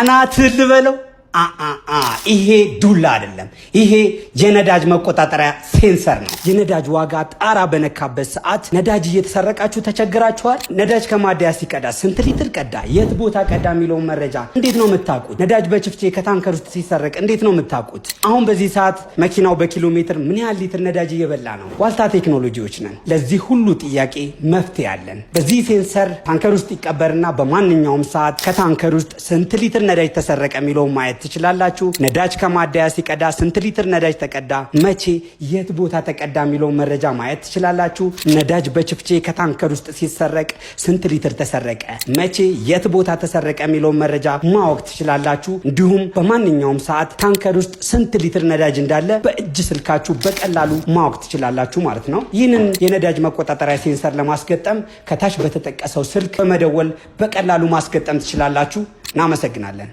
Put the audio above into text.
አናትህ ልበለው አአአ ይሄ ዱላ አይደለም። ይሄ የነዳጅ መቆጣጠሪያ ሴንሰር ነው። የነዳጅ ዋጋ ጣራ በነካበት ሰዓት ነዳጅ እየተሰረቃችሁ ተቸግራችኋል። ነዳጅ ከማደያ ሲቀዳ ስንት ሊትር ቀዳ፣ የት ቦታ ቀዳ የሚለውን መረጃ እንዴት ነው የምታውቁት? ነዳጅ በችፍቼ ከታንከር ውስጥ ሲሰረቅ እንዴት ነው የምታውቁት? አሁን በዚህ ሰዓት መኪናው በኪሎ ሜትር ምን ያህል ሊትር ነዳጅ እየበላ ነው? ዋልታ ቴክኖሎጂዎች ነን። ለዚህ ሁሉ ጥያቄ መፍትሄ አለን። በዚህ ሴንሰር ታንከር ውስጥ ይቀበርና በማንኛውም ሰዓት ከታንከር ውስጥ ስንት ሊትር ነዳጅ ተሰረቀ የሚለውን ማየት ትችላላችሁ። ነዳጅ ከማደያ ሲቀዳ ስንት ሊትር ነዳጅ ተቀዳ፣ መቼ፣ የት ቦታ ተቀዳ የሚለውን መረጃ ማየት ትችላላችሁ። ነዳጅ በችፍቼ ከታንከር ውስጥ ሲሰረቅ ስንት ሊትር ተሰረቀ፣ መቼ፣ የት ቦታ ተሰረቀ የሚለውን መረጃ ማወቅ ትችላላችሁ። እንዲሁም በማንኛውም ሰዓት ታንከር ውስጥ ስንት ሊትር ነዳጅ እንዳለ በእጅ ስልካችሁ በቀላሉ ማወቅ ትችላላችሁ ማለት ነው። ይህንን የነዳጅ መቆጣጠሪያ ሴንሰር ለማስገጠም ከታች በተጠቀሰው ስልክ በመደወል በቀላሉ ማስገጠም ትችላላችሁ። እናመሰግናለን።